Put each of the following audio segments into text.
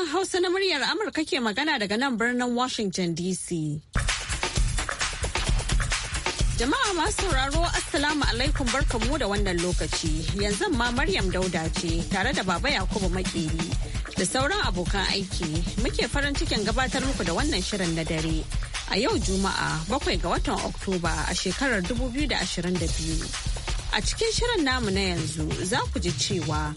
Sashen Hausa na muryar Amurka ke magana daga nan birnin Washington DC. Jama'a masu sauraro Assalamu alaikum barkamu da wannan lokaci. Yanzu ma Maryam Dauda ce tare da Baba Yakubu Makeri da sauran abokan aiki muke farin cikin gabatar muku da wannan shirin na dare. A yau Juma'a bakwai ga watan Oktoba a shekarar 2022. A cikin shirin namu na yanzu za ku ji cewa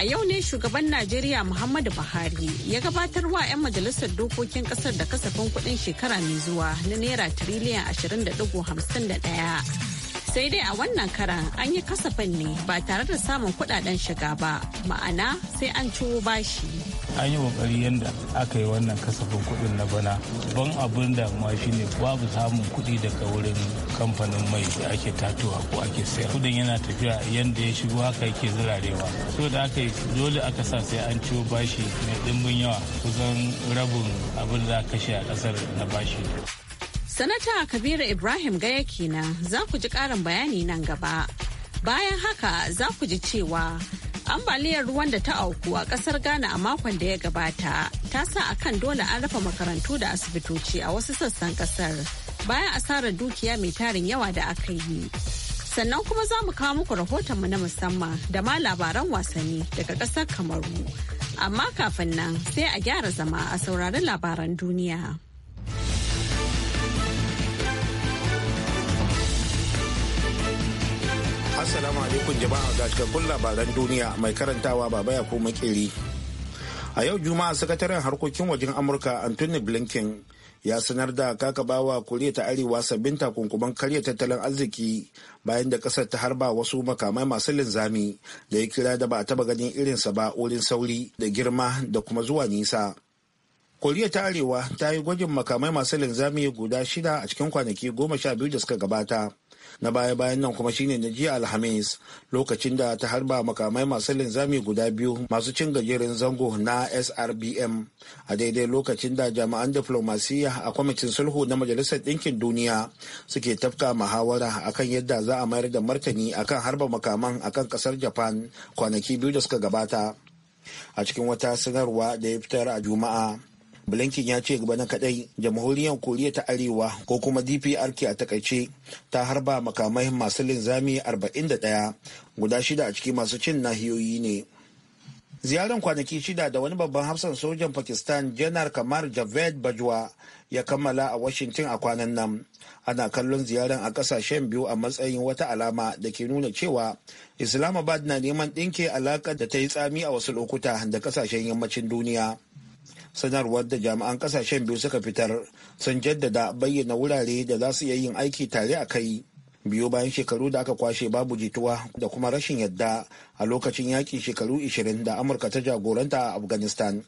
a yau ne shugaban Najeriya Muhammadu Buhari ya gabatar wa 'yan majalisar dokokin kasar da kasafin kuɗin shekara mai zuwa na Naira tiriliyan 20.51. Sai dai a wannan karan an yi kasafin ne ba tare da samun kudaden shiga ba, ma'ana sai an ciwo bashi. an yi kokari yadda aka yi wannan kasafin kudin na bana ban abin da ma shi ne babu samun kudi daga wurin kamfanin mai da ake tatuwa ko ake sayar kudin yana tafiya yadda ya shigo haka yake zirarewa so da aka yi dole aka sa sai an ciwo bashi mai dimbin yawa kusan rabin abin da kashe a ƙasar na bashi sanata kabiru ibrahim gaya kenan za ku ji karin bayani nan gaba bayan haka za ku ji cewa ambaliyar ruwan da ta auku a kasar ghana a makon da ya gabata ta sa a dole an rufe makarantu da asibitoci a wasu sassan kasar bayan asarar dukiya mai tarin yawa da aka yi sannan kuma za mu kawo muku rahotonmu na musamman da ma labaran wasanni daga kasar kamaru amma kafin nan sai a gyara zama a saurari labaran duniya. Assalamu alaikum jama'a ga cikakkun labaran duniya mai karantawa baba ya ko makeri. A yau Juma'a sakataren harkokin wajen Amurka Anthony Blinken ya sanar da kaka bawa Koriya ta Arewa sabbin takunkuman karya tattalin arziki bayan da kasar ta harba wasu makamai masu linzami da ya kira da ba a taba ganin irinsa ba wurin sauri da girma da kuma zuwa nisa. koriya ta arewa ta yi gwajin makamai masu linzami guda shida a cikin kwanaki goma sha biyu da suka gabata na baya-bayan nan kuma shine na jiya alhamis lokacin da ta harba makamai masu linzami guda biyu masu cin gajeren zango na srbm a daidai lokacin da jami'an diflomasiyya a kwamitin sulhu na majalisar ɗinkin duniya suke tafka muhawara akan yadda za a mayar da martani akan harba makaman akan ƙasar japan kwanaki biyu da suka gabata a cikin wata sanarwa da ya fitar a juma'a blinken ya ce gaba na kadai jamhuriyar koriya ta arewa ko kuma dprk a takaice ta harba makamai masu linzami 41 guda shida a ciki masu cin nahiyoyi ne ziyarar kwanaki shida da wani babban hafsan sojan pakistan janar kamar javed bajwa ya kammala a washington a kwanan nan ana kallon ziyarar a kasashen biyu a matsayin wata alama da ke nuna cewa islamabad na neman ɗinke alaƙar da ta yi tsami a wasu lokuta da kasashen yammacin duniya sanarwar da jami'an kasashen biyu suka fitar sun jaddada bayyana wurare da za su iya yin aiki tare a kai biyu bayan shekaru da aka kwashe babu jituwa da kuma rashin yadda a lokacin yakin shekaru 20 da amurka ta jagoranta a afghanistan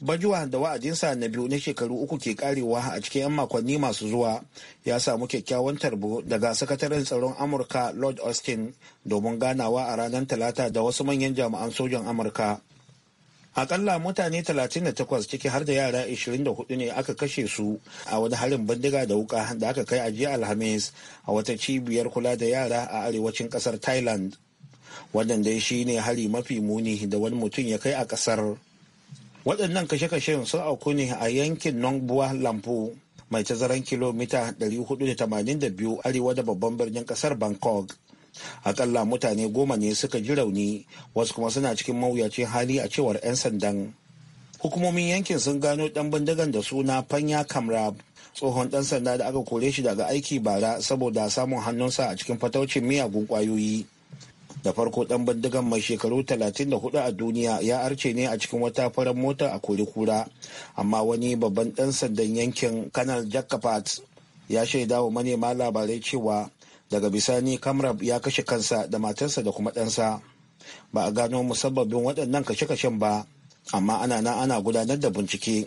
bajuwa da wa'adinsa na biyu na shekaru uku ke karewa a cikin 'yan makonni masu zuwa ya samu kyakkyawan tarbo daga sakataren tsaron amurka lord austin domin ganawa a ranar talata da wasu manyan jami'an sojan amurka akalla mutane 38 ciki har da yara 24 ne aka kashe su a wani harin bindiga da wuka da aka kai a jiya alhamis a wata cibiyar kula da yara a arewacin kasar thailand wannan dai shi ne hari mafi muni da wani mutum ya kai a kasar waɗannan kashe-kashen sun auku ne a yankin nongbuwa lampu mai tazaran kilomita 482 arewa da babban birnin kasar bangkok akalla mutane goma ne suka ji rauni wasu kuma suna cikin mawuyacin hali a cewar 'yan sandan hukumomin yankin sun gano dan bindigan da suna fanya kamrab tsohon dan sanda da aka kore shi daga aiki bara saboda samun hannunsa a cikin fataucin miyagun kwayoyi da farko dan bindigan mai shekaru 34 a duniya ya arce ne a cikin wata farar mota a kura amma wani babban dan sandan yankin kanal jakapat ya shaidawa manema labarai cewa daga bisani kamrab ya kashe kansa da matarsa da kuma ɗansa ba a gano musabbabin waɗannan kashe-kashen ba amma ana na ana gudanar da bincike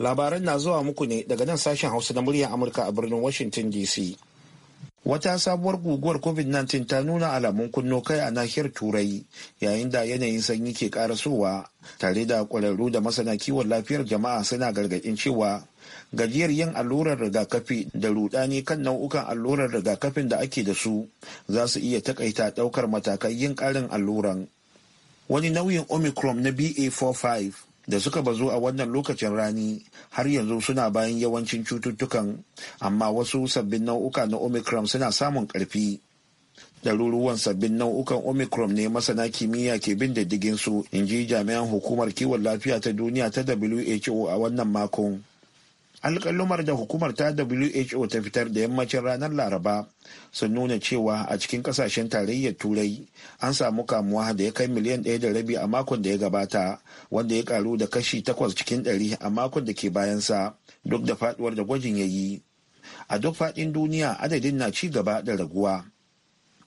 labaran na zuwa muku ne daga nan sashen hausa na muryar amurka a birnin washington dc Wata sabuwar guguwar COVID-19 ta nuna alamun kunno kai a nahiyar Turai yayin da yanayin sanyi ke karasowa tare da ƙwararru da masana kiwon lafiyar jama'a suna gargaɗin cewa gajiyar yin allurar rigakafi da rudani kan nau'ukan allurar rigakafin da ake da su za su iya takaita ɗaukar matakai yin ƙarin alluran. Wani nauyin Omicron na BA45 da suka bazu a wannan lokacin rani har yanzu suna bayan yawancin cututtukan amma wasu sabbin nau'uka na omicron suna samun karfi ɗaruruwan sabbin nau'ukan omicron ne masana kimiyya ke bin diddigin su in ji jami'an hukumar kiwon lafiya ta duniya ta who a wannan makon alƙalumar da hukumar ta who ta fitar da yammacin ranar laraba sun nuna cewa a cikin kasashen tarayyar turai an samu kamuwa da ya kai miliyan ɗaya da rabi a makon da ya gabata wanda ya karu da kashi takwas cikin ɗari a makon da ke bayansa duk da faduwar da gwajin ya yi a duk faɗin duniya adadin na ci gaba da raguwa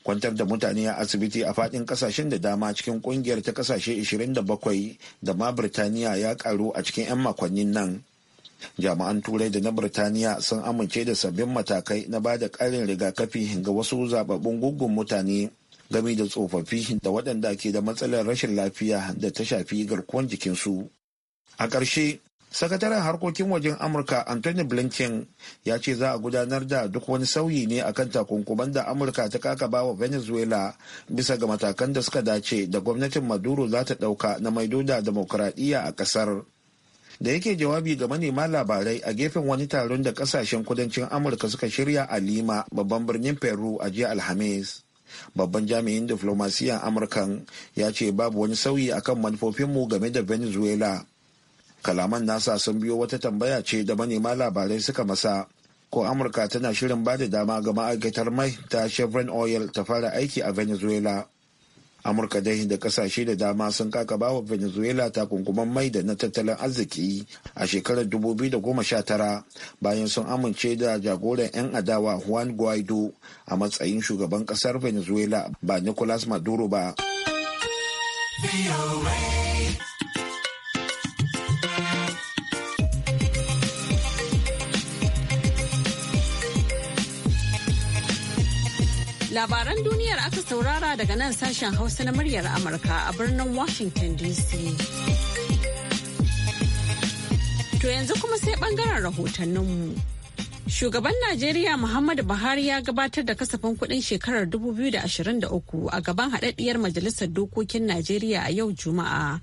kwantar da mutane a asibiti a faɗin kasashen da dama cikin kungiyar ta kasashe 27 da ma birtaniya ya karu a cikin 'yan makonnin nan jami'an turai da na birtaniya sun amince da sabbin matakai na ba da ƙarin rigakafi ga wasu zababbun gungun mutane gami da tsofaffi da waɗanda ke da matsalar rashin lafiya da ta shafi garkuwan jikinsu a ƙarshe sakataren harkokin wajen amurka anthony blinken ya ce za a gudanar da duk wani sauyi ne a kan takunkuman da amurka ta ba wa venezuela bisa ga matakan da suka dace da gwamnatin maduro za ta ɗauka na maido da demokuraɗiyya a ƙasar da yake jawabi ga manema labarai a gefen wani taron da kasashen kudancin amurka suka shirya a lima babban birnin peru a jiya alhamis babban jami'in diflomasiyan amurkan ya ce babu wani sauyi akan manufofinmu game da venezuela kalaman nasa sun biyo wata tambaya ce da manema labarai suka masa ko amurka tana shirin ba da dama ga ma'aikatar mai ta chevron oil ta fara aiki a venezuela amurka dai da kasashe da dama sun kaka wa venezuela takunkuman mai da na tattalin arziki a shekarar 2019 bayan sun amince da jagoran 'yan adawa juan guaido a matsayin shugaban kasar venezuela ba nicolas maduro ba. Labaran duniyar aka saurara daga nan sashen Hausa na muryar Amurka a birnin Washington DC. To yanzu kuma sai bangaren rahotanninmu. Shugaban Najeriya Muhammadu Buhari ya gabatar da kasafin kuɗin shekarar 2023 a gaban haɗaɗɗiyar Majalisar Dokokin Najeriya a yau Juma'a.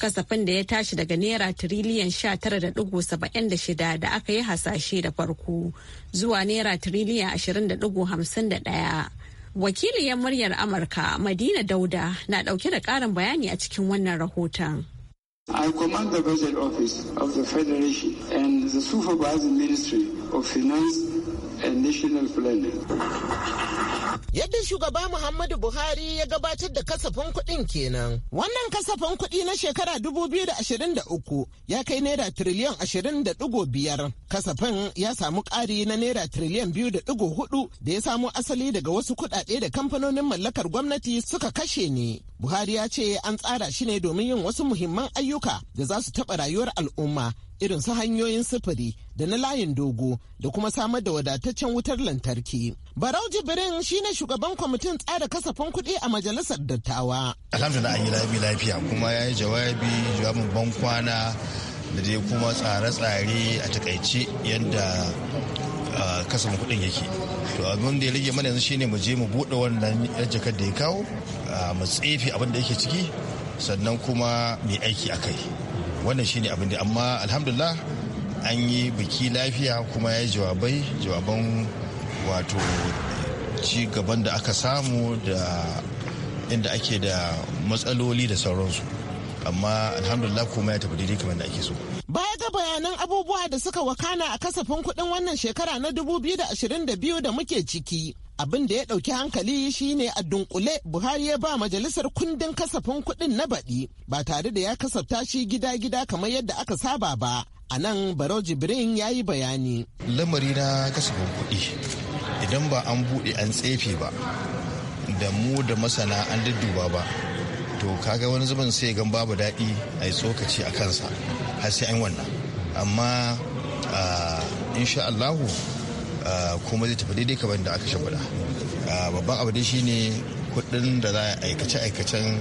Kasafin da ya tashi daga Naira tiriliyan 19.76 da aka yi hasashe da farko zuwa Naira tiriliyan 20.51. Wakiliyar muryar Amurka Madina Dauda na dauke da karin bayani a cikin wannan rahoton. I command the budget office of the Federation and the supervising ministry of finance and national planning. Yadda shugaba Muhammadu Buhari ya gabatar da kasafin kuɗin kenan. Wannan kasafin kuɗi na shekara 2023 ya kai naira tiriliyan 20.5. Kasafin ya samu ƙari na naira tiriliyan 2.4 da ya samo asali daga wasu kuɗaɗe da kamfanonin mallakar gwamnati suka kashe ne. Buhari ya ce an tsara shi ne domin yin wasu muhimman ayyuka da za su taɓa rayuwar al'umma irin su hanyoyin sufuri da na layin dogo da kuma samar da wadataccen wutar lantarki. Barau Jibrin shine shugaban kwamitin tsara kasafin kuɗi a majalisar dattawa. Alhamdulillah an yi labi lafiya kuma ya yi jawabi jawabin bankwana da dai kuma tsare-tsare a takaice yadda ah, kasafin kuɗin yake. To abin da ya rage mana yanzu shine mu je mu buɗe wannan jakar da ya kawo ah, mu tsefe abin da yake ciki sannan kuma mai aiki a kai. wannan shine abin da amma alhamdulillah an yi biki lafiya kuma ya yi jawabai jawaban wato ci gaban da aka samu da inda ake da matsaloli da sauransu amma alhamdulillah kuma ya tafi daidai kamar da ake so baya ga bayanan abubuwa da suka wakana a kasafin kudin wannan shekara na 2022 da muke ciki abin da ya ɗauki hankali shine a dunkule buhari ya ba majalisar kundin kasafin kuɗin na baɗi ba tare da ya kasafta shi gida-gida kamar yadda aka saba ba a nan baro jibrin ya yi bayani lamari na kasafin kuɗi idan ba an buɗe an tsefe ba da mu da masana an dudduba ba to kaga wani zuban sai gan babu daɗi a yi tsokaci a kansa har sai an wannan amma ah, insha allahu Ah, kuma zai tafi daidai kamar da aka shimfiɗa ah, babban abu dai shine kuɗin da za a aikace-aikacen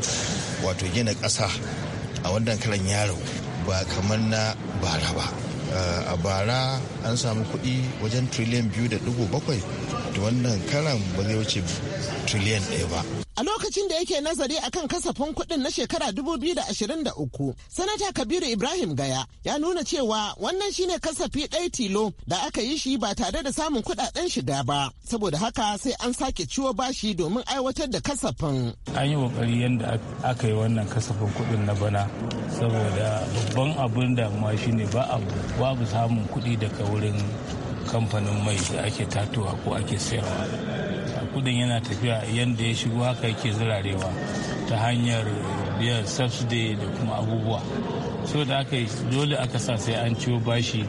wato gina ƙasa a wannan karan yaro ba kamar na bara ba ah, a bara an samu kuɗi wajen triliyan biyu da dubu bakwai da wannan karan ba zai wuce trillion ɗaya ba A lokacin da yake nazari a kan kasafin kuɗin na shekara 2023, Sanata Kabiru Ibrahim Gaya ya nuna cewa wannan shine kasafi ɗaya tilo da aka yi shi ba tare da samun kuɗaɗen shiga ba. Saboda haka sai an sake ciwo bashi domin aiwatar da kasafin. An yi ƙoƙari yadda aka yi wannan kasafin kuɗin na bana saboda babban abin damuwa shine ba a babu samun kuɗi daga wurin kamfanin mai da ake tatuwa ko ake sayarwa. kudin yana tafiya yadda ya shigo haka yake zirarewa ta hanyar biyan subsidy da kuma abubuwa so da aka yi dole aka sa sai an ciwo bashi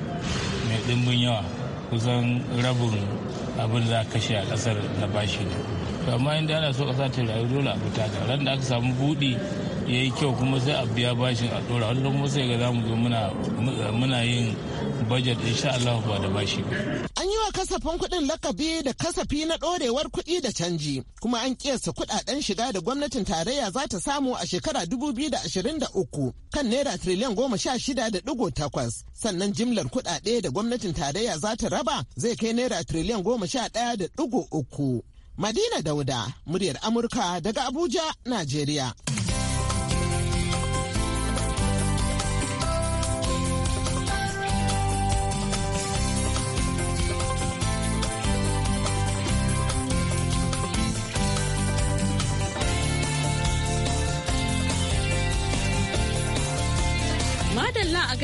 mai dimbin yawa kusan rabin abin za a kashe a kasar na bashi ne amma inda ana so kasa ta rayu dole a fita ta ran da aka samu buɗi ya yi kyau kuma sai a biya bashin a ɗora wani kuma sai ga za mu zo muna yin budget insha Allah ba da bashi ba. An yi wa kasafin kuɗin lakabi da kasafi na ɗorewar kuɗi da canji kuma an kiyasta kuɗaɗen shiga da gwamnatin tarayya za ta samu a shekara 2023 kan naira triliyan goma sha shida da ɗigo takwas sannan jimlar kuɗaɗe da gwamnatin tarayya za ta raba zai kai naira triliyan goma sha ɗaya da ɗigo uku. Madina Dauda, muryar Amurka daga Abuja, Najeriya.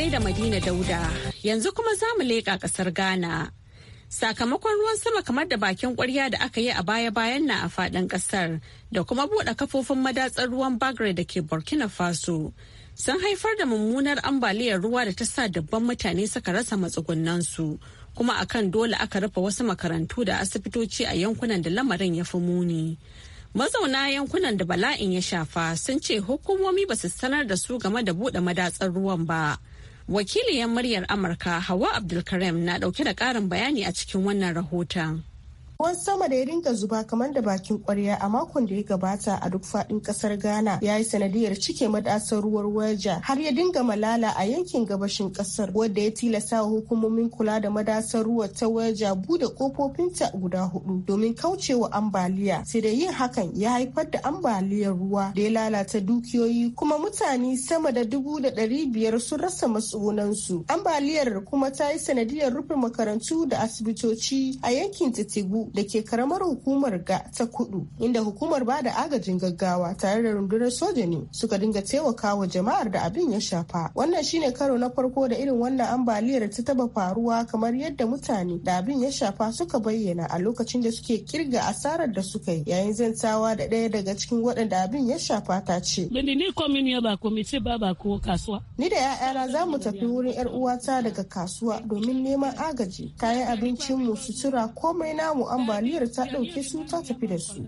da Madina Dauda. Yanzu kuma za mu leƙa ƙasar Ghana. Sakamakon ruwan sama kamar da bakin ƙwarya da aka yi a baya-bayan na a faɗin ƙasar da kuma buɗe kafofin madatsar ruwan Bagre da ke Burkina Faso. Sun haifar da mummunar ambaliyar ruwa da ta sa dubban mutane suka rasa matsugunansu. Kuma akan dole aka rufe wasu makarantu da asibitoci a yankunan da lamarin ya fi muni. mazauna yankunan da bala'in ya shafa sun ce hukumomi ba su sanar da su game da buɗe madatsar ruwan ba wakiliyar muryar amurka hawa abdulkarim na dauke da karin bayani a cikin wannan rahoton Ruwan sama da ya dinga zuba kamar da bakin kwarya a makon da ya gabata a duk faɗin ƙasar Ghana ya yi sanadiyar cike madasar ruwar waja har ya dinga malala a yankin gabashin ƙasar wadda ya tilasta wa hukumomin kula da madasar ruwa ta waja bude kofofinta guda hudu domin kaucewa ambaliya sai da yin hakan ya haifar da ambaliyar ruwa da ya lalata dukiyoyi kuma mutane sama da dubu da ɗari biyar sun rasa matsugunansu ambaliyar kuma ta yi sanadiyar rufe makarantu da asibitoci a yankin titigu da ke karamar hukumar ga ta kudu inda hukumar ba da agajin gaggawa tare da rundunar soja ne suka dinga taimakawa jama'ar da abin ya shafa wannan shine karo na farko da irin wannan ambaliyar ta taba faruwa kamar yadda mutane da abin ya shafa suka bayyana a lokacin da suke kirga asarar da suka yi yayin zantawa da ɗaya daga cikin waɗanda abin ya shafa ta ce. Ni da 'ya'yana za mu tafi wurin 'yar uwata daga kasuwa domin neman agaji kayan abincin mu sutura komai namu an ambaliyar ta ɗauke su ta tafi da su.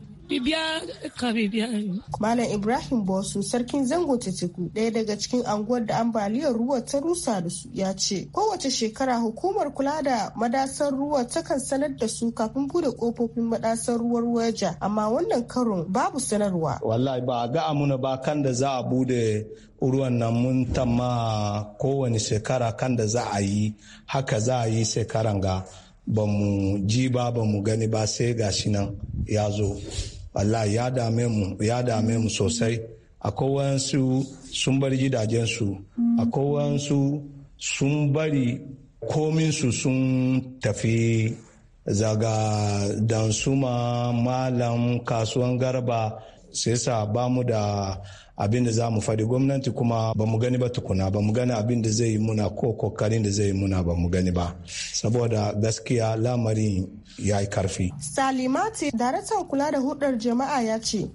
Malam Ibrahim Bosu sarkin zango ta teku ɗaya daga cikin anguwar da ambaliyar ruwa ta rusa da su ya ce kowace shekara hukumar kula da madasar ruwa ta kan sanar da su kafin bude kofofin madasar ruwar waja amma wannan karon babu sanarwa. Wallahi ba ga amuna ba kan da za a bude ruwan nan mun tamma kowane shekara kan da za a yi haka za a yi shekaran ga ba mu ji ba ba mu gani ba sai ga shi nan ya zo Allah ya dame mu sosai akwai wayansu sun bar gidajensu akwai wasu sun bari kominsu sun tafi zaga dansuma malam kasuwan garba sai sa ba mu da abin da za mu faɗi gwamnati kuma ba mu gani ba tukuna ba mu gani abin da zai yi muna ko kokarin da zai yi muna ba mu gani ba saboda gaskiya lamarin ya yi karfi. salimati daraktan kula da hudar jama'a ya ce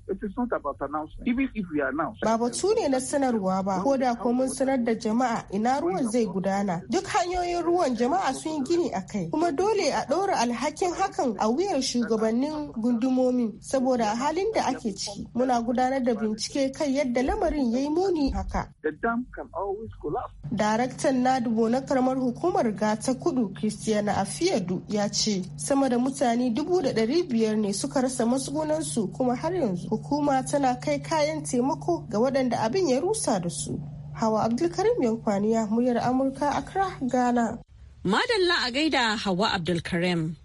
ba batu ne na sanarwa ba ko da ko mun sanar da jama'a ina ruwan zai gudana duk hanyoyin ruwan jama'a sun yi gini a kai kuma dole a ɗora alhakin hakan a wuyar shugabannin gundumomi saboda halin da ake ciki muna gudanar da bincike kai yadda yadda lamarin ya yi muni haka. Daraktan Nadubo na karamar hukumar gata kudu Christiana Afiyadu ya ce sama da mutane dubu da ɗari biyar ne suka rasa matsugunansu kuma har yanzu hukuma tana kai kayan taimako ga waɗanda abin ya rusa da su. Hawa Abdulkarim Yankwaniya muryar Amurka Accra Ghana. Madalla a gaida Hawa Abdulkarim.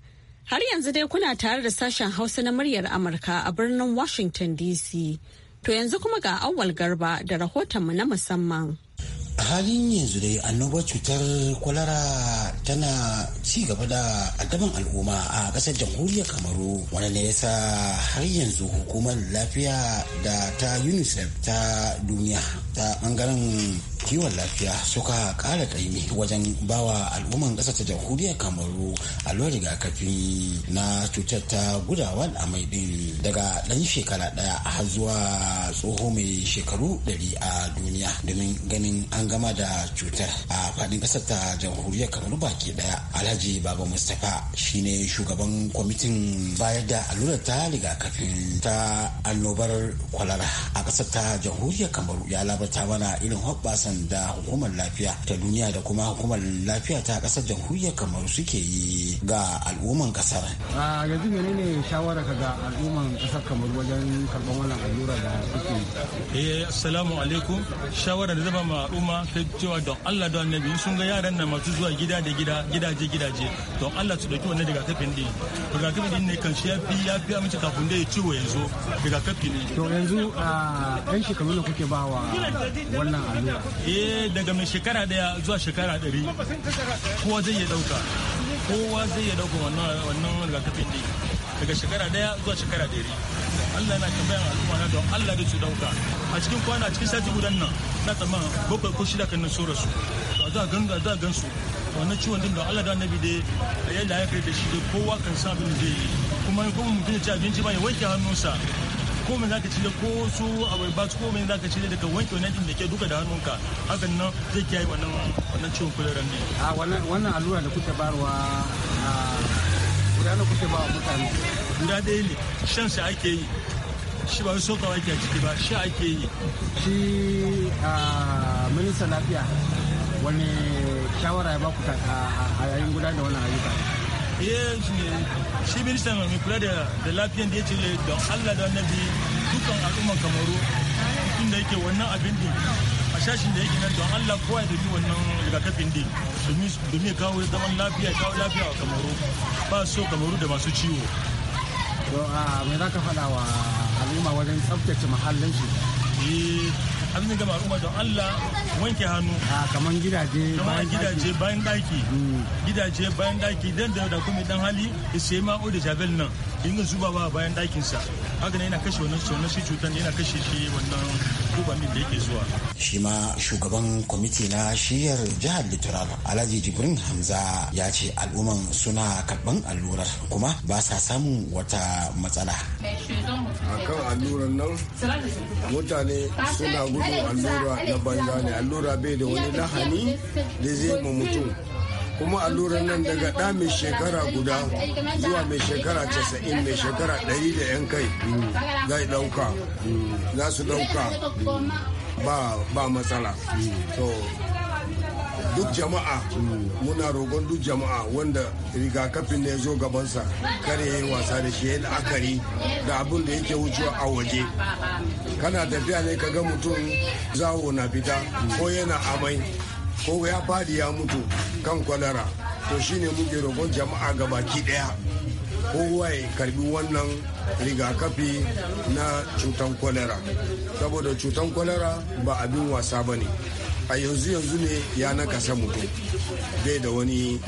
Har yanzu dai kuna tare da sashen Hausa na muryar Amurka a birnin Washington DC. To yanzu kuma ga awwal garba da rahotonmu na musamman. a halin yanzu dai annobar cutar kwalara tana ci gaba da addaban al'umma a kasar jamhuriyar kamaru wanda ne yasa har yanzu hukumar lafiya da ta unicef ta duniya ta bangaren kiwon lafiya suka kara kaimi wajen bawa al'umman kasar ta jamhuriyar kamaru allurar rigakafi na cutar ta gudawa a mai din daga ɗan shekara ɗaya har zuwa tsoho mai shekaru ɗari a duniya domin ganin an an gama da cutar a fadin kasar ta jamhuriyar kamaru baki daya alhaji baba mustapha shine shugaban kwamitin bayar da allurar ta rigakafin ta annobar kwalara a kasar ta jamhuriyar kamaru ya labarta mana irin hoɓɓasan da hukumar lafiya ta duniya da kuma hukumar lafiya ta kasar jamhuriyar kamaru suke yi ga al'umman kasar. yanzu menene shawara ka ga al'umman ƙasar kamaru wajen karɓar wannan allura da suke eh, assalamu alaikum shawara da zama ma al'umma kuma sai cewa don Allah don annabi sun ga yaran nan masu zuwa gida da gida gidaje gidaje don Allah su dauki wannan kafin din kafin din ne kan shi ya fi ya fi amince kafin da ya ciwo yanzu kafin ne to yanzu a ɗan shekaru da kuke bawa wannan allura eh daga mai shekara daya zuwa shekara ɗari kowa zai ya dauka kowa zai ya dauka wannan wannan kafin din daga shekara daya zuwa shekara ɗari Allah yana tambayan al'umma na don Allah da su dauka a cikin kwana cikin sati gudan nan na tsammanin bakwai ko shida kan so su to za ganga za gan su wannan ciwon din da Allah da annabi da yadda ya kai da shi kowa kan sa abin da yi kuma ko mun ya ci abinci ba ya wanke hannunsa ko me zaka cire ko su abai ba ko me zaka cire daga wanke wannan din da ke duka da hannunka hakan nan zai kiyaye wannan wannan ciwon kuleran ne a wannan wannan allura da kuke barwa a gudanar kuke ba mutane guda ɗaya ne shan sa ake yi shi ba so kawai a ciki ba shi ake yi shi a minista lafiya wani shawara ya baku a yayin guda da wani ayyuka eh, shi ministan mai kula da lafiyan da ya ce don allah da annabi dukkan al'umman kamaru inda yake wannan abin din a shashin da yake nan don allah kowa ya dauki wannan rigakafin din domin ya kawo zaman lafiya kawo lafiya a kamaru ba so kamaru da masu ciwo to a me za ka faɗa wa al'umma wajen tsaftace muhallin shi eh, abin da gaba al'umma don Allah wanke hannu a kaman gidaje bayan gidaje bayan daki mm. gidaje bayan daki dan da kuma dan hali sai ma'o da javel nan dinga zubawa bayan dakinsa haka ne yana kashe wannan wannan shi cutar yana kashe shi wannan kubamin da yake zuwa shi ma shugaban kwamiti na shiyar jihar litoral alhaji jibrin hamza ya ce al'umman suna karɓan allurar kuma ba sa samun wata matsala a kan allurar nan mutane suna gudun allura na banza ne allura bai da wani lahani da zai ma mutum kuma allurar nan daga ɗa mai shekara guda zuwa mai shekara casa'in mai shekara ɗari da yan kai zai ɗauka za su ɗauka ba matsala so duk jama'a muna rogon duk jama'a wanda rigakafin ne zo gabansa kare ya yi wasa da shi ya la'akari da abin da yake wucewa a waje kana tafiya ne ka ga mutum zawo na fita ko yana amai ko ya fadi ya mutu kan kwalara to shine muke roƙon jama'a ga baki ɗaya kowa ya karbi wannan rigakafi na cutan kwalara saboda cutan kwalara ba abin wasa ba ne a yanzu yanzu ne ya nakasa mutum bai da wani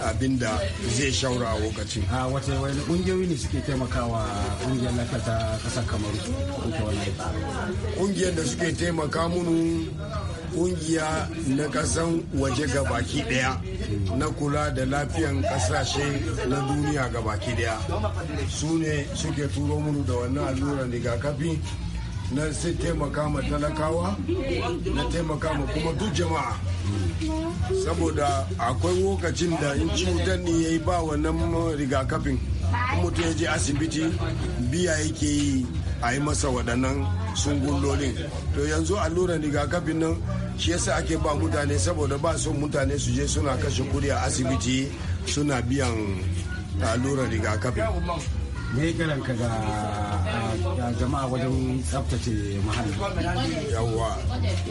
abin da zai shaura a lokacin. a wata wani kungiyoyi ne suke taimakawa kungiyar lafiya ta kasar kamar kungiyar da suke taimaka munu kungiya na kasan waje ga baki daya na kula da lafiyan kasashe na duniya gabaki daya su ne suke turo munu da wannan alluran rigakafi na sai taimaka ma talakawa na taimaka ma kuma duk jama'a saboda akwai lokacin da in cutar ne ya yi ba wannan rigakafin mutum ya je asibiti biya yake yi a yi masa waɗannan sungullolin to yanzu alluran rigakafin nan shi yasa ake ba mutane saboda ba son mutane su je suna kashe kuɗi a asibiti suna biyan alluran rigakafin me garanka ga jama'a wajen tsaftace muhalli yawa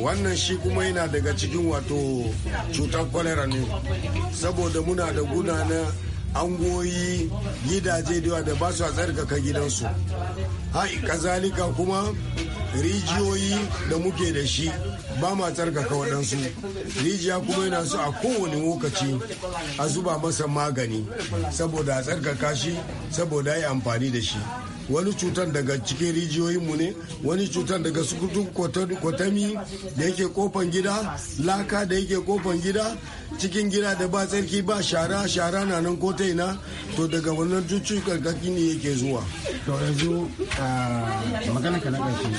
wannan shi kuma yana daga cikin wato cutar kwalera ne saboda muna da guna na angoyi gidaje da da ba su a tsarkaka gidansu hai kazalika kuma rijiyoyi da muke da shi ba ma tsarkaka waɗansu rijiya kuma yana su a kowane lokaci a zuba masa magani saboda a tsarkaka shi saboda yi amfani da shi wani cutar daga cikin rijiyoyinmu ne wani cutar daga sukutu kwatami da yake kofan gida laka da yake kofan gida cikin gida da ba tsarki ba shara shara na nan ko ina to daga wannan cucukan karkaki ne yake zuwa to yanzu ah, magana ka na ƙarshe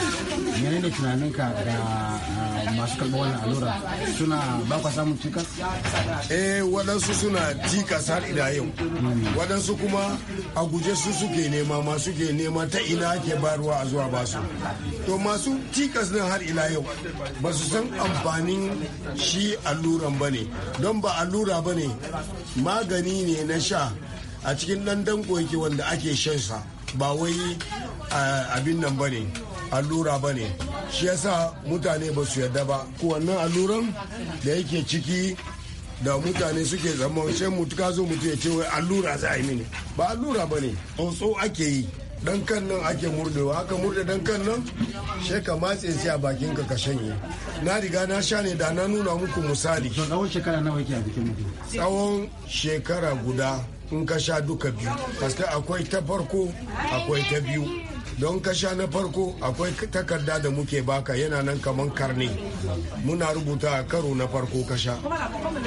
yana da ka ah, da masu karɓa wannan allura suna ba ka samun cikas eh waɗansu suna cikas har ida yau hmm. waɗansu kuma a guje su suke nema masu ke nema ta ina ke bayarwa a zuwa basu to masu cikas nan har ila yau ba su san amfanin shi alluran ba ne don ba allura ba ne magani ne na sha a cikin ɗanɗan yake wanda ake shansa ba wai eh, abin nan ba ne allura ba ne shi yasa mutane ba su yarda ba wannan alluran da yake ciki da mutane suke zama sai mutu ka zo mutu ya ce wai allura za a yi mini ba allura ba ne tsotso ake yi dankan nan ake murdewa haka murde dan kan nan shi ka matse sai a bakin ka shanye na riga na sha ne da na nuna muku misali tsawon shekara nawa ke a bikin mutum tsawon shekara guda in ka sha duka biyu kasta akwai ta farko akwai ta biyu don ka sha na farko akwai takarda da muke baka yana nan kamar karni muna rubuta karo na farko kasha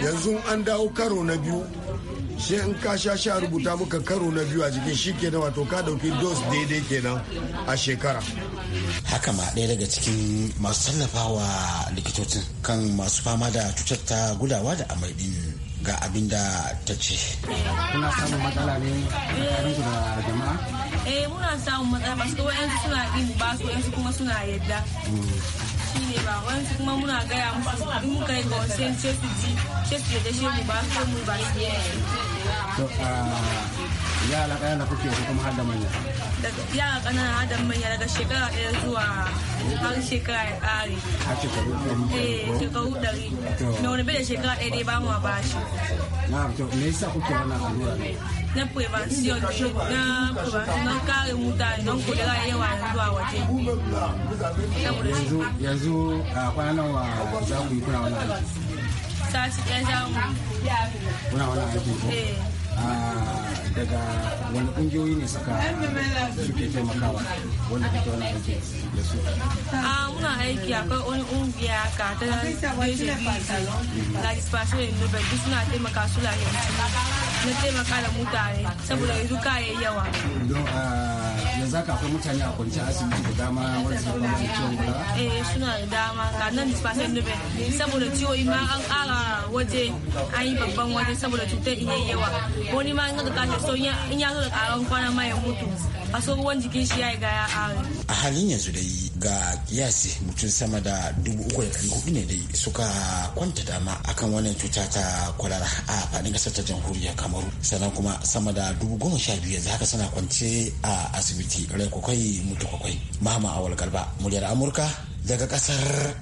yanzu an dawo karo na biyu sai in ka sha sha rubuta maka karo na biyu a jikin shi kenan wato ka dauki dos daidai kenan a shekara haka ma ɗaya daga cikin masu tallafawa likitocin kan masu fama da cutar ta gudawa da amai din ga abin da ta ce. Kuna samun matsala ne da jama'a? Eh muna samun matsala ba su wayansu suna yin ba su kuma suna yadda. Mm. shi ne ba wani kuma muna gaya musu in muka yi consent sai su ji sai su shi mu ba su mu ba su ya yara ƙanana kuke su kuma har da manya yara ƙanana har da manya daga shekara ɗaya zuwa har shekara ya ƙare har shekaru ɗari eh, shekaru ɗari na wani bai da shekara ɗaya dai ba mu a bashi na to me yasa kuke wannan allura ne na prevention na prevention na kare mutane don kudura yawa yanzu a waje yanzu a kwanan wa za ku yi kuna wani aiki sati ɗaya za mu kuna wani aiki ko eh. Ah, daga wani kungiyoyi ne suka suke taimakawa wanda kake wani aiki da su a ah, muna aiki akwai wani kungiya ka ta participation in nobel duk suna taimaka su lafiya na taimaka da mutane saboda yanzu kayayi yawa ah, yanzu haka akwai mutane a kwanci asibiti da dama wanda suka fama da ciwon gura eh suna da dama ga nan dispatcher nube saboda ciwo ma an kara waje an yi babban waje saboda cutar iya yawa wani ma in ka tashi so in ya zo da karon kwana ma ya mutu aso ruwan jikin shi ya yi gaya a halin yanzu dai ga kiyasi mutum sama da dubu uku da ɗari hudu ne dai suka kwanta dama akan wannan cuta ta kwalara a faɗin ƙasar ta jamhuriyar kamaru sannan kuma sama da dubu goma sha biyu yanzu haka suna kwance a asibiti rai kwakwai mutu kwakwai mahama awal garba muryar amurka daga kasar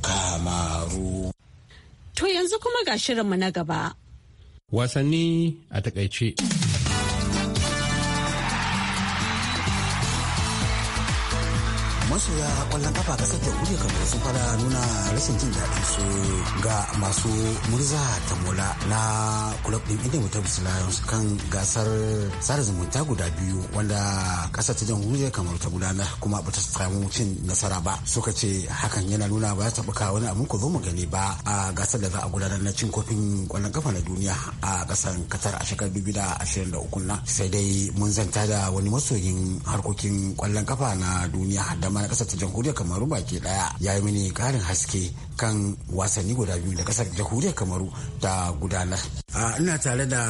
kamaru to yanzu kuma ga shirinmu na gaba wasanni a takaice masoya kwallon kafa kasar jamhuriyar kamaru sun fara nuna rashin jin daɗi su ga masu murza ta mola na club din inda ta lions kan gasar sada zumunta guda biyu wanda kasar ta jamhuriyar kamaru ta gudanar kuma ba ta samu cin nasara ba suka ce hakan yana nuna ba ta buka wani abin ko zo mu gani ba a gasar da za a gudanar na cin kofin kwallon kafa na duniya a kasar katar a shekarar 2023 na sai dai mun zanta da wani masoyin harkokin kwallon kafa na duniya da na kasar ta jamhuriyar kamaru baki daya ya yi mini karin haske kan wasanni guda biyu da kasar jamhuriyar kamaru ta gudanar ina tare da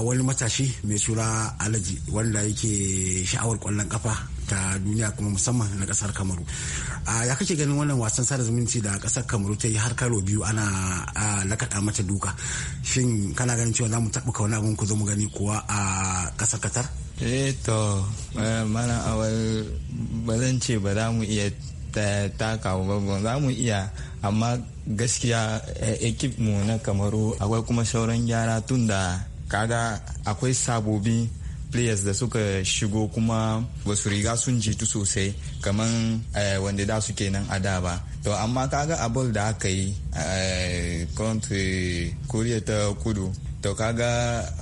wani matashi mai sura alaji wanda yake sha'awar kwallon kafa ta duniya kuma musamman na kasar kamaru a ya kake ganin wannan wasan sada zumunci da kasar kamaru ta yi har karo biyu ana lakata mata duka shin kana ganin cewa za mu taɓa kauna abin ku zo mu gani kuwa a kasar katar eh to eh, mana awal ba zan ce ba za mu iya taka ba za mu iya amma gaskiya eh, ekip mu na kamaru akwai kuma sauran gyara tun da kaga akwai sabobi players da suka shigo kuma ba riga sun jitu sosai kamar eh, wanda da su kenan a da ba to amma kaga abul da aka yi eh, country korea ta kudu to kaga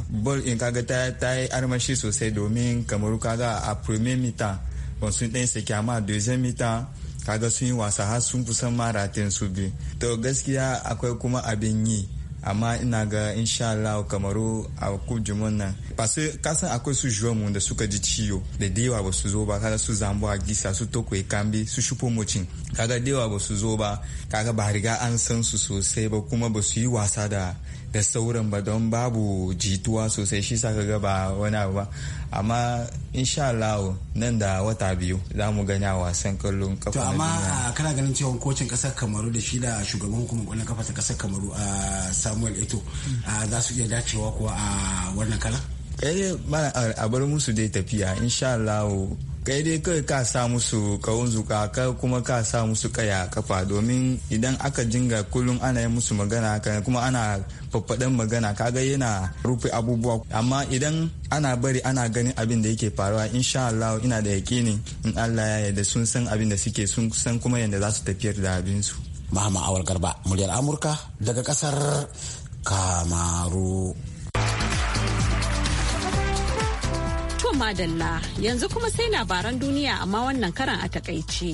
bol in kaga ta yi armashi sosai domin kamar kaga a premier mita ba sun ɗan sake amma deuxième mita kaga sun yi wasa har sun kusan maratin su biyu to gaskiya akwai kuma abin yi amma ina ga insha Allah kamaru a kujumin nan basu kasan akwai su juwa mu da suka ji ciwo da dewa ba su zo ba kaga su zambo a gisa su toko kambi su shupo mucin kaga dewa ba su zo ba kaga ba riga an san su sosai ba kuma ba su yi wasa da da sauran ba don babu jituwa sosai shi sa ka ba wani abu ba amma insha Allah nan da wata biyu za mu gani a wasan kallon kafa to amma kana ganin cewa kocin kasar Kamaru da shi da shugaban hukumar kwallon kafa ta kasar Kamaru a Samuel Eto za su iya dacewa kuwa a wannan kala eh a bar musu dai tafiya insha Allah kai dai kai ka sa musu kawun zuka ka kuma ka sa musu kaya kafa domin idan aka jinga kullum ana yi musu magana kuma ana faffaɗan magana kaga yana rufe abubuwa amma idan ana bari ana ganin abin da yake faruwa insha Allah ina da yakini in Allah ya yarda sun san abin da suke sun san kuma yadda za su tafiyar da abin su Mahama Awal Garba muryar Amurka daga kasar Kamaru madalla yanzu kuma sai labaran duniya amma wannan karan a takaice.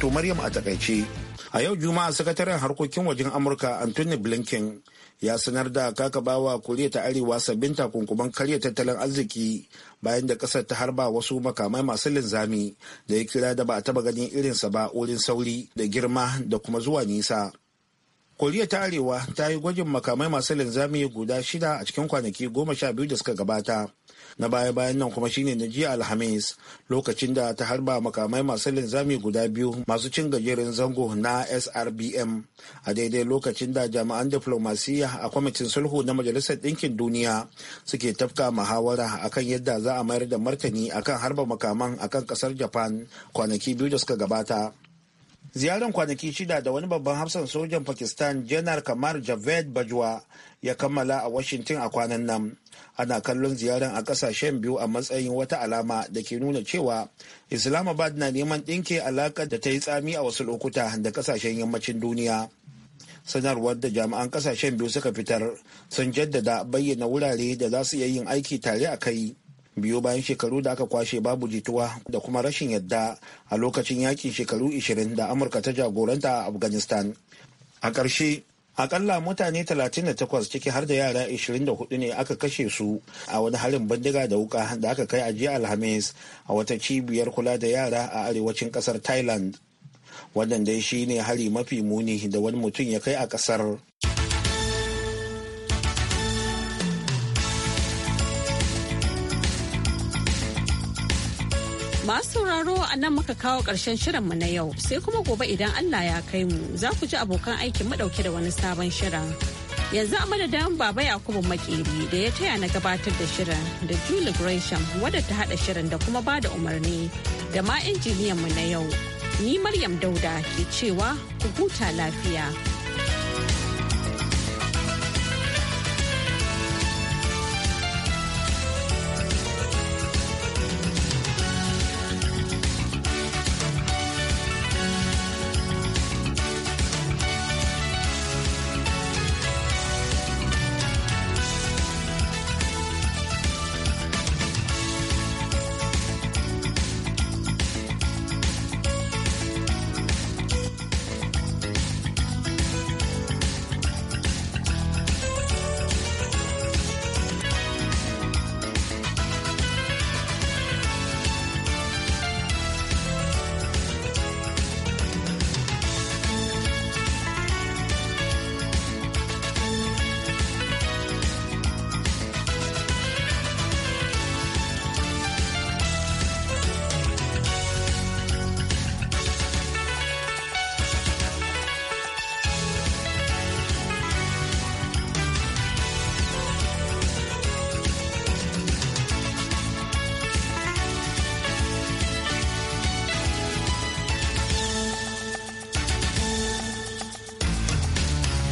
To Maryam a takaice. A yau Juma'a sakataren harkokin wajen Amurka Anthony Blinken ya sanar da kaka bawa Koriya ta Arewa sabbin takunkuman karya tattalin arziki bayan da kasar ta harba wasu makamai masu linzami da ya kira da ba a taba ganin irinsa ba wurin sauri da girma da kuma zuwa nisa. koriya ta arewa ta yi gwajin makamai masu linzami guda shida a cikin kwanaki goma sha biyu da suka gabata na baya-bayan nan kuma shine na jiya alhamis lokacin da ta harba makamai masu linzami guda biyu masu cin gajeren zango na srbm a daidai lokacin da jami'an diflomasiyya a kwamitin sulhu na majalisar ɗinkin duniya suke tafka muhawara akan yadda za a mayar da martani akan harba makaman akan ƙasar japan kwanaki biyu da suka gabata ziyaran kwanaki shida da wani babban hafsan sojan pakistan janar kamar javed bajwa ya kammala a washington a kwanan nan ana kallon ziyaran a kasashen biyu a matsayin wata alama da ke nuna cewa islamabad na neman ɗinke alaƙar da ta yi tsami a wasu lokuta da kasashen yammacin duniya sanarwar da jami'an kasashen biyu suka fitar sun jaddada bayyana wurare da za su iya yin aiki tare a kai biyu bayan shekaru da aka kwashe babu jituwa da kuma rashin yadda a lokacin yakin shekaru 20 da amurka ta jagoranta a afghanistan a ƙarshe akalla mutane 38 ciki har da yara 24 ne aka kashe su a wani harin bindiga da wuka da aka kai a jiya alhamis a wata cibiyar kula da yara a arewacin kasar thailand wannan dai shi ne hari mafi muni da wani mutum ya kai a kasar Masu sauraro a nan muka kawo ƙarshen mu na yau sai kuma gobe idan Allah ya kai mu za ku ji abokan aikin ɗauke da wani sabon shirin. Yanzu a madadin Baba Yakubu Makeri da ya taya na gabatar da shirin da Julie Gresham wadda ta haɗa shirin da kuma bada umarni da ma injiniyan mu na yau. Ni Maryam Dauda ke cewa ku huta lafiya.